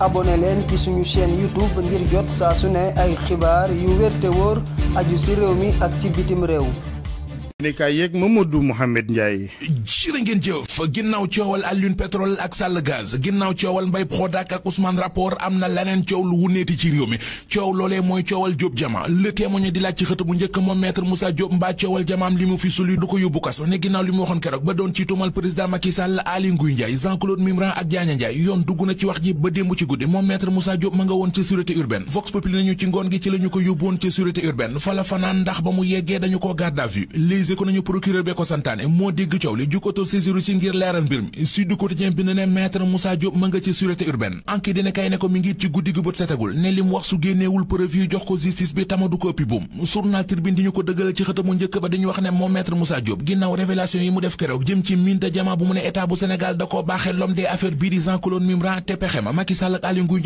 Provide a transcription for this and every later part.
abonné leen ci suñu seen YouTube ngir jot saa su ne ay xibaar yu wér te wóor aju ci réew mi ak ci bitim réew. yéen a kaay yeeg Mamadou Mouhamed Ndiaye. jërë ngeen jëf coowal Alune pétrole ak Sall gaz ginnaaw coowal Mbaye Prodac ak Ousmane rapport am na leneen coow lu wuneeti ci réew mi coow loolee mooy coowal Diop jamaam li mu fi suli du ko yóbbu kaso ne ginnaaw li mu waxoon keroog ba doon ci tuumal président Macky Sall Aly Ngouille Jean Claude Mimran ak Diagne yoon dugg na ci wax ji ba démb ci guddi moom maître Moussa Diop ma nga woon ci sûreté urbaine Vox Populi nañu ci ngoon gi ci la ko yóbbu ngir leeral mbir mi Sud Quotidien bi ne maître Moussa Diop ma nga ci sûreté urbaine enquête dina kay ne ko mi ngi ci guddi gi bët setagul ne lim wax su génneewul preuve yi jox ko justice bi tamadu ko ëppi buum journal Tribune di ñu ko dëggal ci xëtamu njëkk ba dañu wax ne moom maître Moussa Diop ginnaaw révélation yi mu def keroog jëm ci mine de diamant bu mu ne état bu Sénégal da koo baaxee l'homme des affaires bii di Jean Mimran te pexe ma Macky ak Aly Ngouille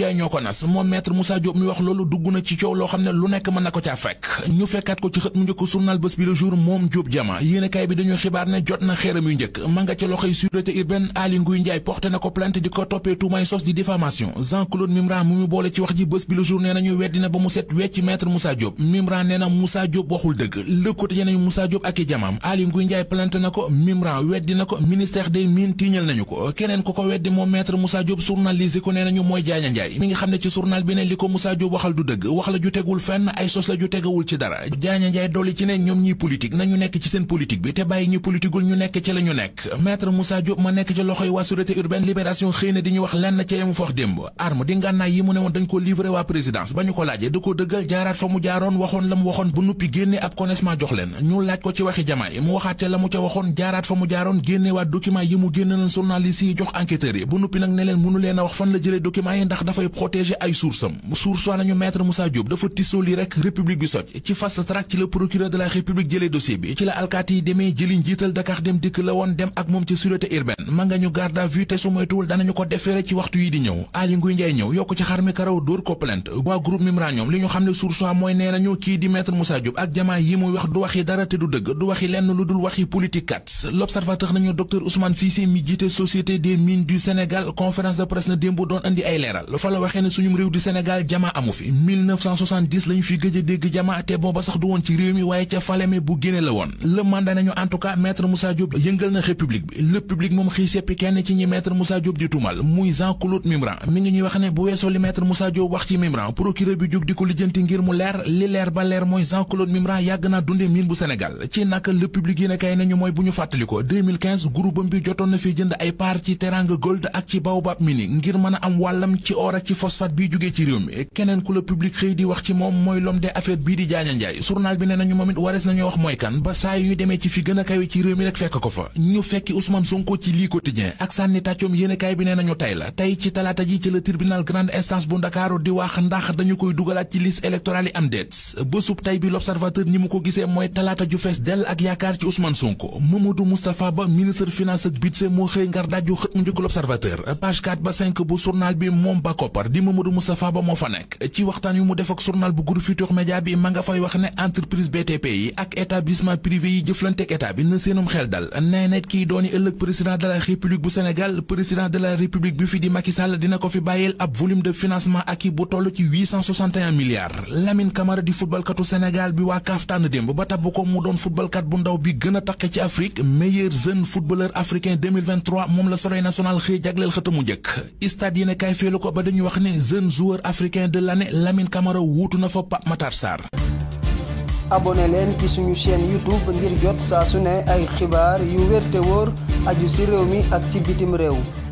Ndiaye ñoo tey sûreté urbaine Aly Ngouille Ndiaye porté na ko plainte di ko toppee tuumaay sos di diffamation Jean Claude Mimran mu mu boole ci wax ji bés bi le jour nee nañu weddi na ba mu set wecc maître Moussa Diop Mimran nee na Moussa Diop waxul dëgg Le Quotidien nañu Moussa Diop ak i jamaam Aly Ngouille Ndiaye plainte na ko Mimran weddi na ko ministère des mines tiiñal nañu ko keneen ko ko weddi moom maître Moussa Diop journaliste ko nee nañu mooy Diagne Ndiaye mi nga xam ne ci journal bi ne li ko Moussa Diop waxal du dëgg wax la ju tegul fenn ay sos la ne ñoom Moussa Diop ma nekk ci loxoy waa sûreté urbaine libération xëy na di ñu wax lenn ca yemu fox démb arme di ngànnaay yi mu ne woon dañ ko livré waa présidence ba ñu ko laajee da ko dëggal jaaraat fa mu jaaroon waxoon la mu waxoon ba nuppi génne ab connaissement jox leen ñu laaj ko ci waxi jamaay mu waxaat ca la mu ca waxoon jaaraat fa mu jaaroon génne waa document yi mu génne leen journaliste yi jox enquêteurs yi ba nuppi nag ne leen wax sûreté ñu garde à vue te su moytuwul danañu ko defeere ci waxtu yi di ñëw Aly Ngouille ñëw yokk ci xar mi karaw dóor ko waa groupe Mimran ñoom li ñu xam ne source mooy nee nañu kii di maître Moussa Diop ak jamaa yi muy wax du waxi dara te du dëgg du waxi lenn lu dul waxi politique kat l'observateur nañu docteur Ousmane Cissé mi jiite société des mines du Sénégal conférence de presse na démb doon andi ay leeral fa la waxee ne suñum réew réew le public moom xëy seppi kenn ci ñi maître Moussa Diop di tumal muy Jean Claude Mimran mi ngi ñuy wax ne bu weesoo li maître Moussa Diop wax ci Mimran procureur bi jóg di ko lijjanti ngir mu leer li leer ba leer mooy Jean Claude Mimran yàgg naa dundee mine bu Sénégal ci naka le public yéen nañu mooy bu ñu fàttaliko 2015 groupe bi jotoon na fi jënd ay part ci Teranga Gold ak ci Baobab Mining ngir mën a am wàllam ci or ci phosphate bi jógee Ousmane ci lii quotidien ak sànni tàccoom yéenekaay bi nee nañu tey la tey ci talaata ji ci la tribunal grande instance bu Ndakaaru di wax ndax dañu koy dugalaat ci liste électorale yi am déet bésub tey bi l'observateur ni mu ko gisee mooy talaata ju fees dell ak yaakaar ci Ousmane Sonko Mamadou Moustapha Ba ministre finance ak budget moo xëy ngar daaju xët mu njëkk l'observateur page ba 5 bu journal bi moom ba koppar di Mamadou Moustapha Ba moo fa wax ne entreprise BTP yi ak établissement privé yi jëflanteek bi na ëllëg président de la république bu Sénégal président de la république bi fi di Macky Sall dina ko fi bàyyil ab volume de financement acquis bu toll ci 861 milliards Lamine Camara di footballkatu Sénégal bi waa CAF tànn démb ba tabb ko mu doon footballkat bu ndaw bi gën a taqe ci Afrique meilleur jeune footballeur africain 2023 moom la soleil national xëy jagleel xëtamu njëkk stade yéene feelu ko ba dañuy wax ne jeune joueur africain de l'année Lamine Camara wuutu na fa Pape Matar Sarr abonné leen ci suñu chaîne YouTube ngir jot saa su aju ci réew mi ak ci bitim réew